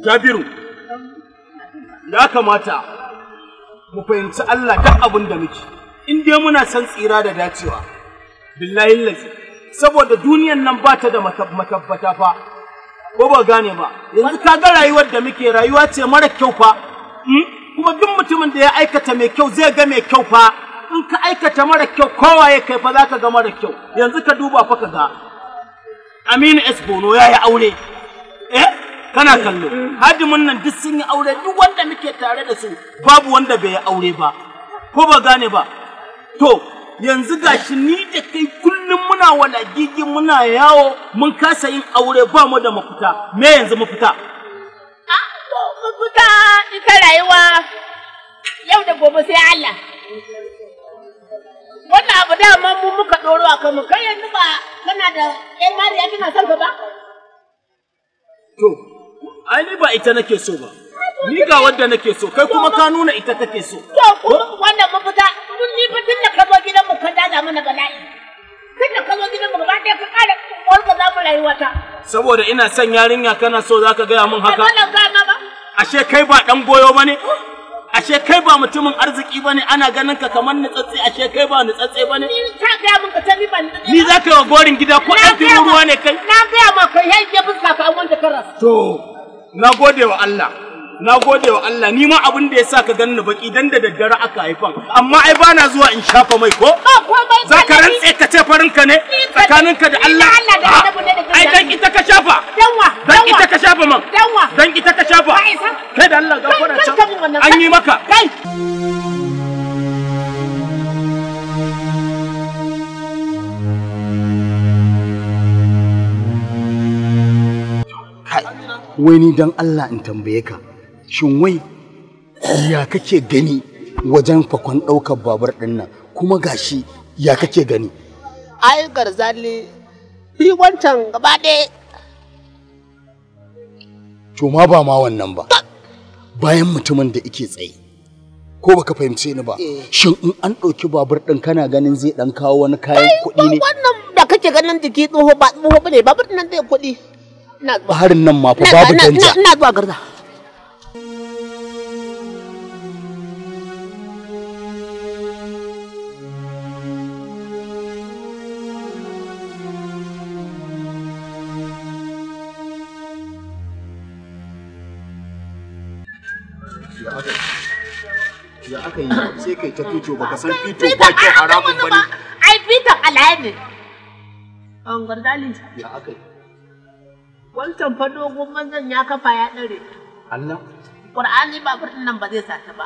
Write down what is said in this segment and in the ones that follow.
Jabiru, ya kamata mu fahimci Allah duk abin da muke, in dai muna san tsira da dacewa, billahi lafi, saboda duniyan nan ba ta da makabbata fa, ko ba gane ba, yanzu ka ga rayuwar da muke rayuwa ce mara kyau fa, hmm? kuma duk mutumin da ya aikata mai kyau zai ga mai kyau fa, in ka aikata mara kyau kowa ya kai fa za ka ga mara kyau, yanzu ka duba fa ka ga. Aminu S. Bono ya yi aure. kana kallo hadimin nan duk sun yi aure duk wanda muke tare da su babu wanda bai aure ba ko ba gane ba to yanzu gashi ni da kai kullum muna gigi muna yawo mun kasa yin aure ba mu da mafita me yanzu mafita mafita ita rayuwa yau da gobe sai Allah wannan abu dama mu muka ɗoro a kanmu kai yanzu ba kana da ƴar mariya kina son ka ba to Ai ni ba ita nake so ba. Ni ga wadda nake so, kai kuma ka nuna ita take so. To ku wannan mafita, mun ni fitin da ka zo gidan mu ka daga mana bala'i. kai da ka zo gidan mu ba dai ka kare ƙwarka za mu rayuwa ta Saboda ina son yarinya kana so za ka gaya mun haka. Ashe kai ba dan goyo bane ashe kai ba mutumin arziki bane ana ganin ka kamar nutsatse ashe kai ba nutsatse ba ne. Ni ta ga mun ka tabi ban Ni zaka yi wa gorin gida ko ɗan ruwa ne kai. Na ga ma kai yanke fuska ka an wanda karas. To. na gode wa Allah na gode wa Allah ni ma abin da yasa ka ganni baki dan da daddare aka haifan amma ai ba na zuwa in shafa mai ko za ka rantse ka ce farin ka ne tsakanin ah, ka da Allah ai dan ita ka shafa dan ita ka shafa man dan ita ka shafa kai da Allah gafara an yi maka kai wai ni dan Allah in tambaye ka shin wai ya kake gani wajen fakon ɗaukar babur ɗin nan kuma gashi ya kake gani ai garzali yi wancan gaba ma ba ma wannan ba bayan mutumin da ike tsaye ko baka fahimce ni ba eh. shin in an ɗauki babur ɗin kana ganin zai ɗan kawo wani kayan kuɗi ne wannan da kake ganin jiki tsoho ba tsoho ba ne babur nan zai kuɗi baharin nan ma fa babu danja ina zuwa garda ya aka yi sai kai ta fito baka san fito ba ke haramun bane ai fito alaye ne an gardali ya aka yi wancan fa dogon manzan ya kafa ya ɗare Allah Qur'ani ba furtin nan ba zai sata ba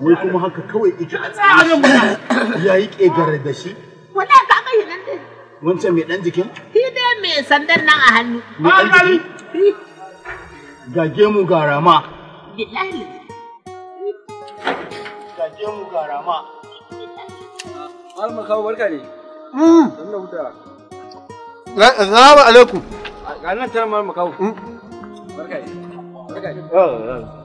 Wai kuma haka kawai ita a tsarin ya yi ƙegare da shi Wala ka ga yi nan dai Wancan mai ɗan jikin? Shi dai mai sandan nan a hannu Mai ɗan jikin? Ga gemu ga rama Bilahi Ga gemu ga rama Malama kawo barka ne. Mm. Don da Assalamu alaikum. Ga nan tarmar makawu. Hmm? Barka. Barka.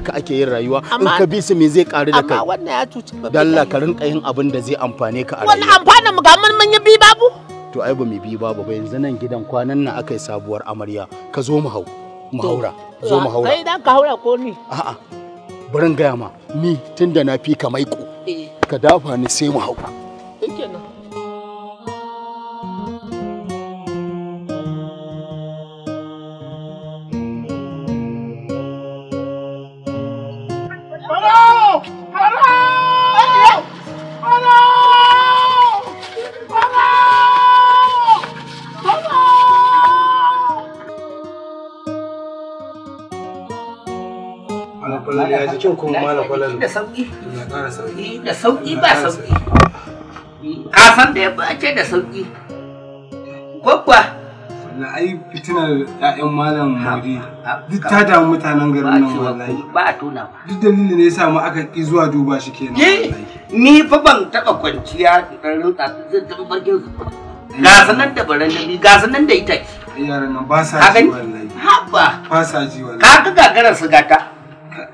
haka ake yin rayuwa in ka bi su me zai karu da kai amma wannan ya cuci babu dan ka karin kayin abin da zai amfane ka a rayuwa wannan amfanin mu ga mun mun yi bi babu to ai ba mu bi babu ba yanzu nan gidan kwanan nan akai sabuwar amarya ka zo mu hau mu haura zo mu haura kai dan ka haura ko ni a'a barin gaya ma ni tunda na fi ka maiko eh. ka dafa ni sai mu hau shikenan Dole ya ji kyau kuma Da sauki. Na ƙara sauki. Eh, da sauki ba sauki. Ka san da da sauki. Gwagwa. Na ai fitinar ƴaƴan malam Maudi duk ta damu mutanen garin nan wallahi. Ba a tona ba. Duk dalilin ne yasa mu aka ki zuwa duba shi kenan. Ni fa ban taɓa kwanciya ɗan rutsa zan taɓa barkin su. ga sanan da barandami ga sanan da ita yaran nan ba sa ji wallahi haba ba sa ji wallahi gagarar su gata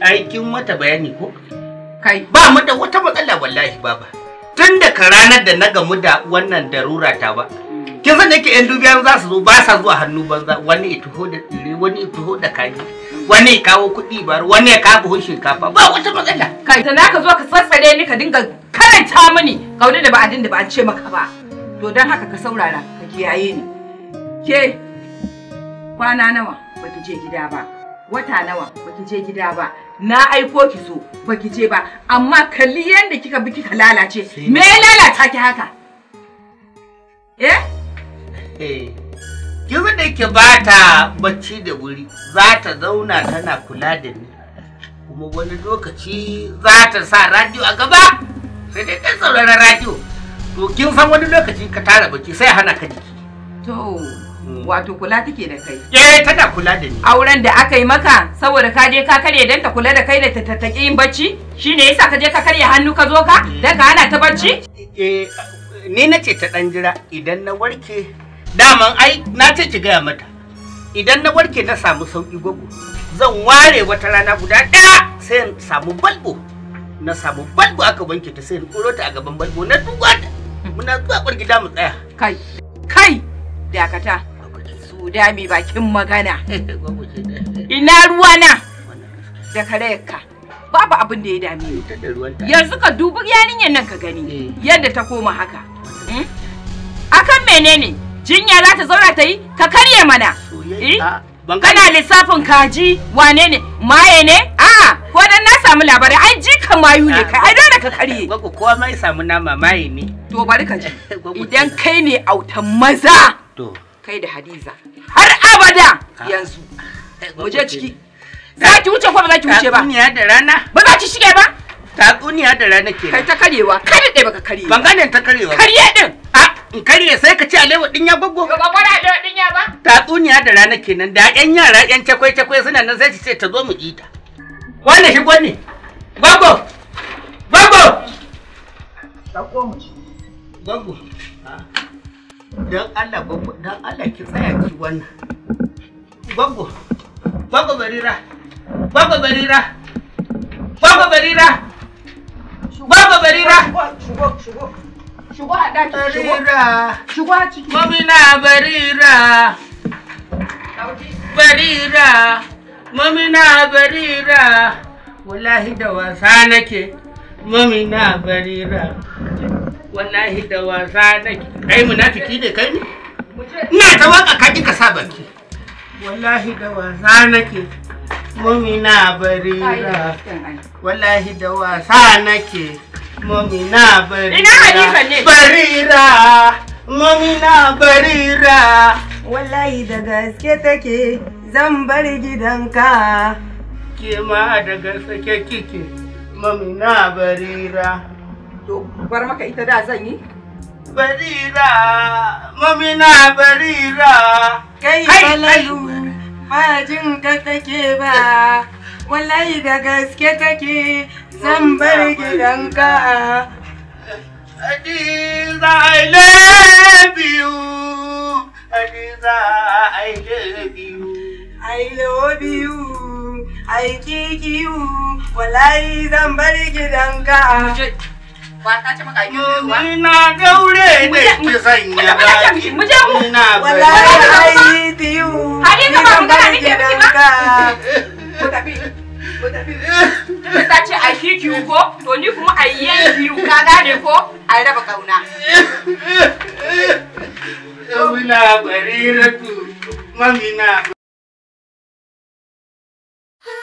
ai kin mata bayani ko kai ba mu da wata matsala wallahi baba tun da ka ranar da na gamu da wannan darura ta ba mm. kin san yake yan dubiyan za su zo ba sa zuwa hannu banza wani ya tuho da tsire wani ya da kaji wani ya kawo kuɗi bar wani ya kawo buhun shinkafa ba wata matsala kai da naka zo ka tsatsare ni ka dinga karanta mini kaudi da ba a da ba an ce maka ba to dan haka ka saurara ka kiyaye ni ke kwana nawa ba ki je gida ba wata nawa baki je gida ba na aiko ki so baki je ba amma kalli yadda kika bi kika lalace me ya lalata ki haka eh ki da ki bata bacci da wuri za ta zauna tana kula da ni kuma wani lokaci za ta sa radio a gaba sai dai ta saurara radio to kin san wani lokaci ka tara bacci sai hana ka jiki to Wato kula take da kai. Eh tana kula da ni. Auren da aka yi maka saboda ka je ka karya danta kula da kai da ta tattaki yin bacci? Shine yasa ka je ka karya hannu ka zo ka? Dan ka hana ta bacci? Eh ni nace ta dan jira idan na warke daman ai na ce ki gaya mata idan na warke na samu sauki gogo zan ware wata rana guda ɗaya sai in samu balbo na samu balbo aka wanke ta sai in ɗoro ta a gaban balbo na duwa muna zuwa ɓar gida mu tsaya kai kai dakata guda mai bakin magana ina ruwana da karayarka babu abin da ya dame ni yanzu ka dubi yarinyar nan ka gani eh. yadda ta koma haka hmm? akan menene jinya za ta zauna ta yi ka karye mana eh? ah, kana lissafin kaji wane ne maye ne a'a ah, ko dan na samu labarai an ji ka mayu ne ah, kai ai dole ka karye ko komai samu nama maye ne to bari ka ji idan kai ne autan maza to kai da hadiza har abada ah. yanzu eh, Muje ciki za ki wuce ko ba za ki wuce ba tatsuniya da rana ba za ki shige ba tatsuniya da rana ke kai ta karewa Kai ɗaya baka karewa. ban gane ta karewa karye din a in karye sai ka ci alewa din ya goggo ba ba da din ya ba tatsuniya da rana kenan da yan yara yan cakwai cakwai suna nan sai ki ce ta zo mu ji ta wannan shi gwanne Gogo. Gogo. ta ko mu ci Gogo. don Allah gwaggo don Allah ki tsaya ki wannan gwaggo gwaggo barira gwaggo barira gwaggo barira gwaggo barira shigo shigo shigo a daki barira shigo a ciki mamina barira barira mamina barira wallahi da wasa nake mamina barira wallahi da wasa nake kai munafiki ne kai ne? ina ta waka ka ka sa baki wallahi da wasa nake mumina barira wallahi da wasa nake mumina barira ina halifa ne barira mumina barira wallahi da gaske take zan bar gidanka ke ma da gaske kike mumina barira To bar maka ita da zan yi? Barira, mamina barira. Kai balalu, ba jin ka take ba, wallahi da gaske take zan bar gidanka. Adiza, I love you. Adiza, I love you. I love you. I kick you. Wallahi zan bar gidanka. Wata ce maka gaure ne ki sanya baki. Mu je mu. Ni na wallahi diyu. Hadi ka ba magana nake ba. Ku tafi. Ku tafi. Ta ce a kiki ko to ni kuma a yanki ka gane ko a raba kauna. Yawuna bariratu mamina